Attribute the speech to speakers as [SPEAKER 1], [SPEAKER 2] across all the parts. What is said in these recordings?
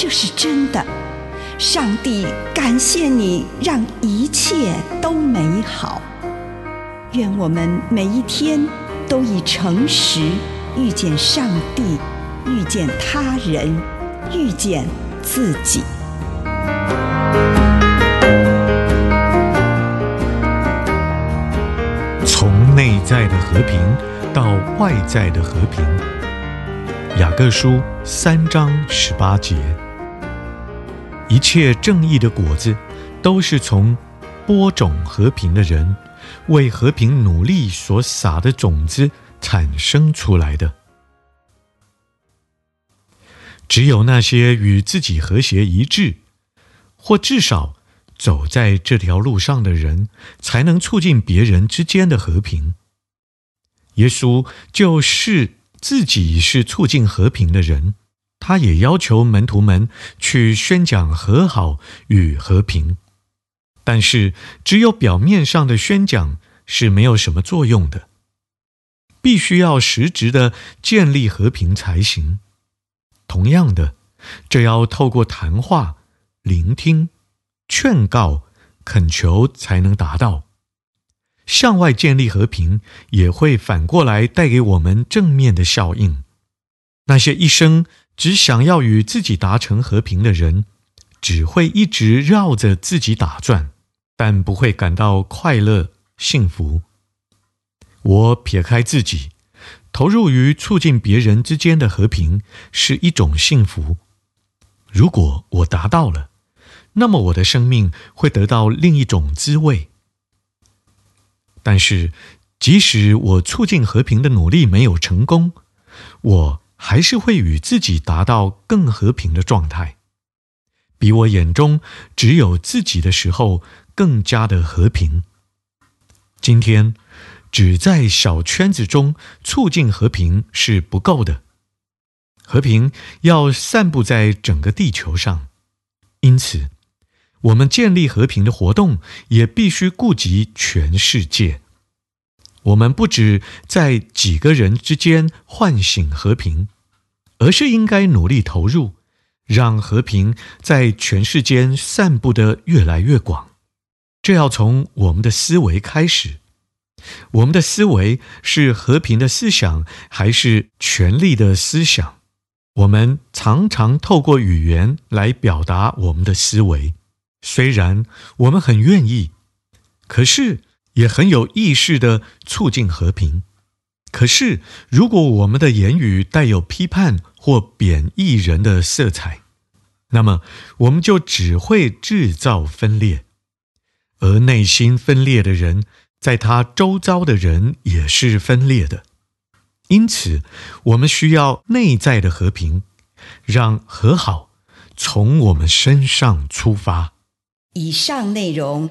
[SPEAKER 1] 這是真的，上帝感謝你讓一切都美好。願我們每一天都以誠實遇見上帝，遇見他人，遇見自己。
[SPEAKER 2] 從內在的和平到外在的和平，《雅各書》三章十八節。一切正義的果子，都是從播種和平的人，為和平努力所撒的種子產生出來的。只有那些與自己和諧一致，或至少走在這條路上的人，才能促進別人之間的和平。耶穌就是自己是促進和平的人。他也要求門徒們去宣講和好與和平，但是只有表面上的宣講是沒有什麼作用的，必須要實質的建立和平才行。同樣的，這要透過談話、聆聽、勸告、懇求才能達到。向外建立和平，也會反過來帶給我們正面的效應。那些一生。只想要與自己達成和平的人，只會一直繞着自己打轉，但不會感到快樂幸福。我撇開自己，投入於促進別人之間的和平，是一種幸福。如果我達到了，那麼我的生命會得到另一種滋味。但是，即使我促進和平的努力沒有成功，我。還是會與自己達到更和平的狀態，比我眼中只有自己的時候更加的和平。今天，只在小圈子中促進和平是不夠的，和平要散布在整個地球上，因此，我們建立和平的活動也必須顧及全世界。我們不只在幾個人之間喚醒和平，而是應該努力投入，讓和平在全世界散布得越來越廣。這要從我們的思維開始。我們的思維是和平的思想，還是權力的思想？我們常常透過語言來表達我們的思維，雖然我們很願意，可是。也很有意識地促進和平。可是，如果我們的言語帶有批判或貶抑人的色彩，那麼我們就只會製造分裂。而內心分裂的人，在他周遭的人也是分裂的。因此，我們需要內在的和平，讓和好從我們身上出發。
[SPEAKER 1] 以上內容。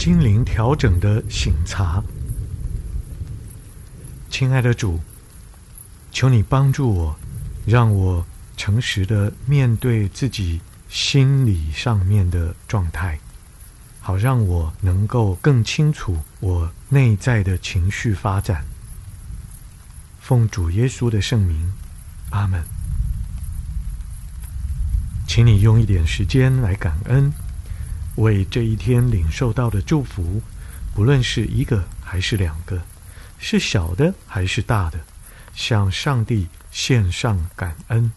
[SPEAKER 2] 心靈調整的省察。親愛的主，求你幫助我，讓我誠實的面對自己心理上面的狀態，好讓我能夠更清楚我內在的情緒發展。奉主耶穌的聖名，阿門。請你用一點時間來感恩。為這一天領受到的祝福，不論是一個還是兩個，是小的還是大的，向上帝獻上感恩。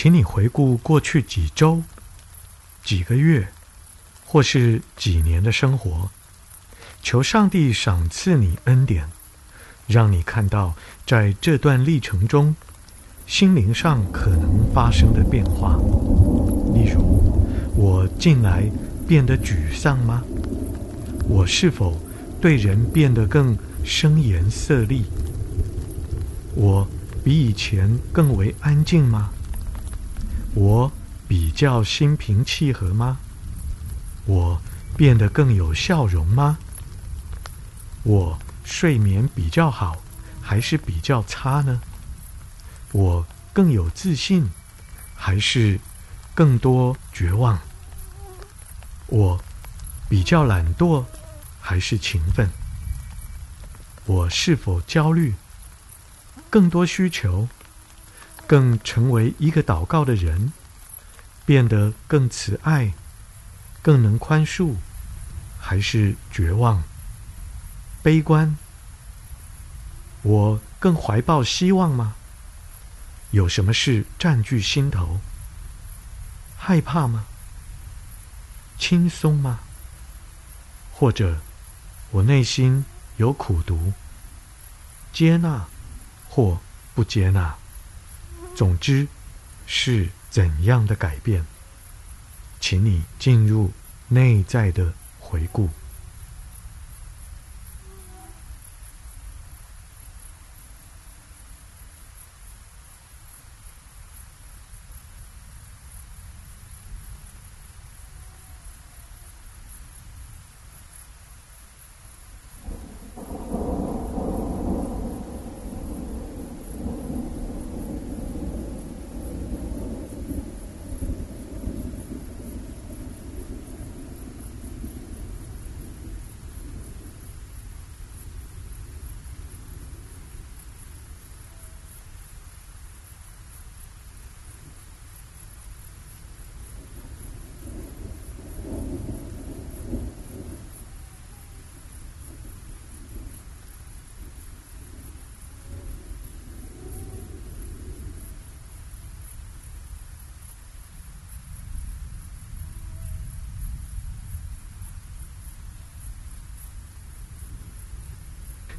[SPEAKER 2] 請你回顧過去幾週、幾個月，或是幾年的生活，求上帝賞賜你恩典，讓你看到在這段歷程中，心靈上可能發生的變化。例如，我近來變得沮喪嗎？我是否對人變得更聲言色厲？我比以前更為安靜嗎？我比較心平氣和嗎？我變得更有笑容嗎？我睡眠比較好還是比較差呢？我更有自信還是更多絕望？我比較懶惰還是勤奮？我是否焦慮？更多需求。更成為一個禱告的人，變得更慈愛，更能寬恕，還是絕望、悲觀？我更懷抱希望嗎？有什麼事佔據心頭？害怕嗎？輕鬆嗎？或者我內心有苦毒、接納或不接納？總之，是怎樣的改變？請你進入內在的回顧。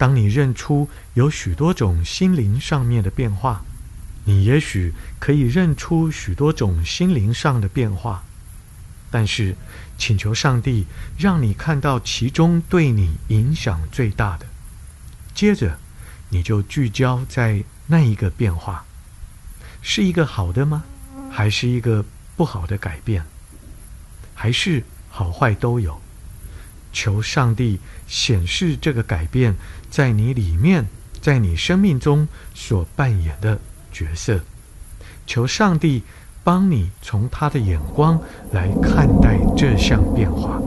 [SPEAKER 2] 當你認出有許多種心靈上面的變化，你也許可以認出許多種心靈上的變化，但是請求上帝讓你看到其中對你影響最大的。接着，你就聚焦在那一個變化，是一個好的嗎？還是一個不好的改變？還是好壞都有？求上帝顯示這個改變在你裡面，在你生命中所扮演的角色。求上帝幫你從他的眼光來看待這項變化，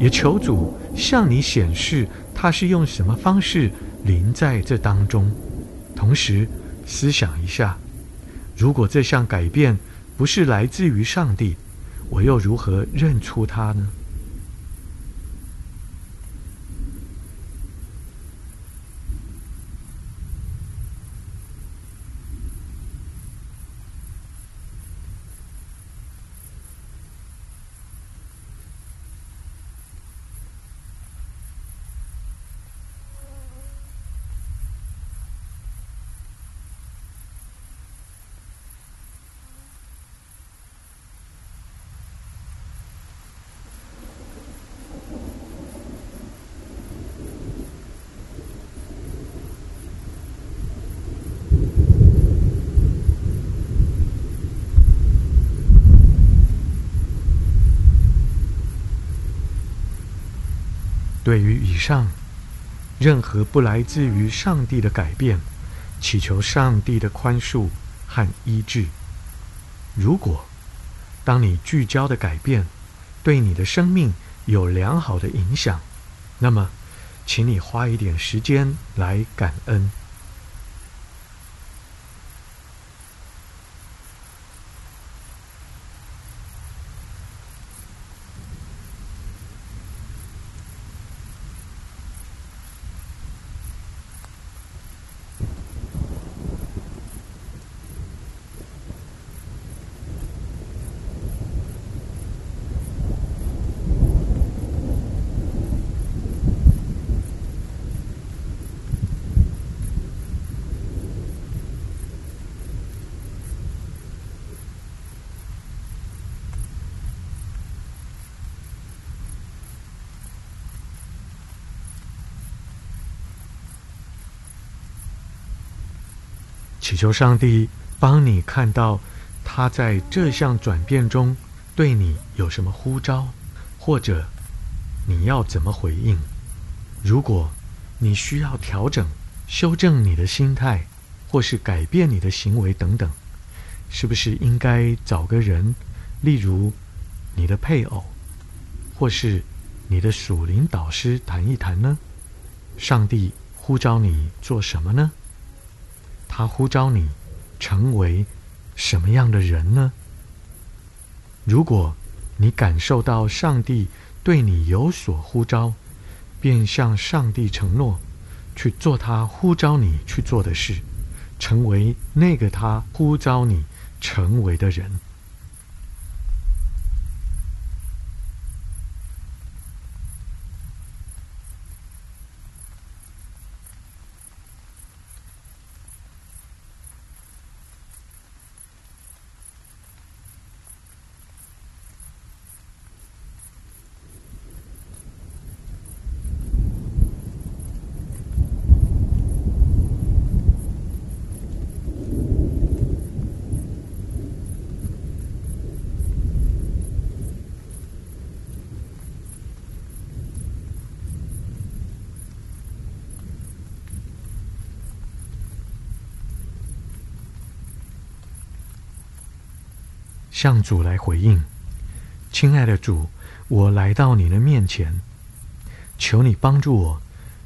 [SPEAKER 2] 也求主向你顯示他是用什麼方式臨在這當中。同時思想一下，如果這項改變不是來自於上帝，我又如何認出他呢？對於以上任何不來自於上帝的改變，祈求上帝的寬恕和醫治。如果當你聚焦的改變對你的生命有良好的影響，那麼，請你花一點時間來感恩。祈求上帝幫你看到，他在這項轉變中對你有什麼呼召，或者你要怎麼回應？如果你需要調整、修正你的心態，或是改變你的行為等等，是不是應該找個人，例如你的配偶，或是你的屬靈導師談一談呢？上帝呼召你做什麼呢？他呼召你成為什麼樣的人呢？如果你感受到上帝對你有所呼召，便向上帝承諾去做他呼召你去做的事，成為那個他呼召你成為的人。向主來回應，親愛的主，我來到你的面前，求你幫助我，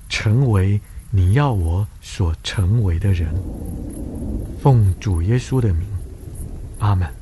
[SPEAKER 2] 成為你要我所成為的人。奉主耶穌的名，阿門。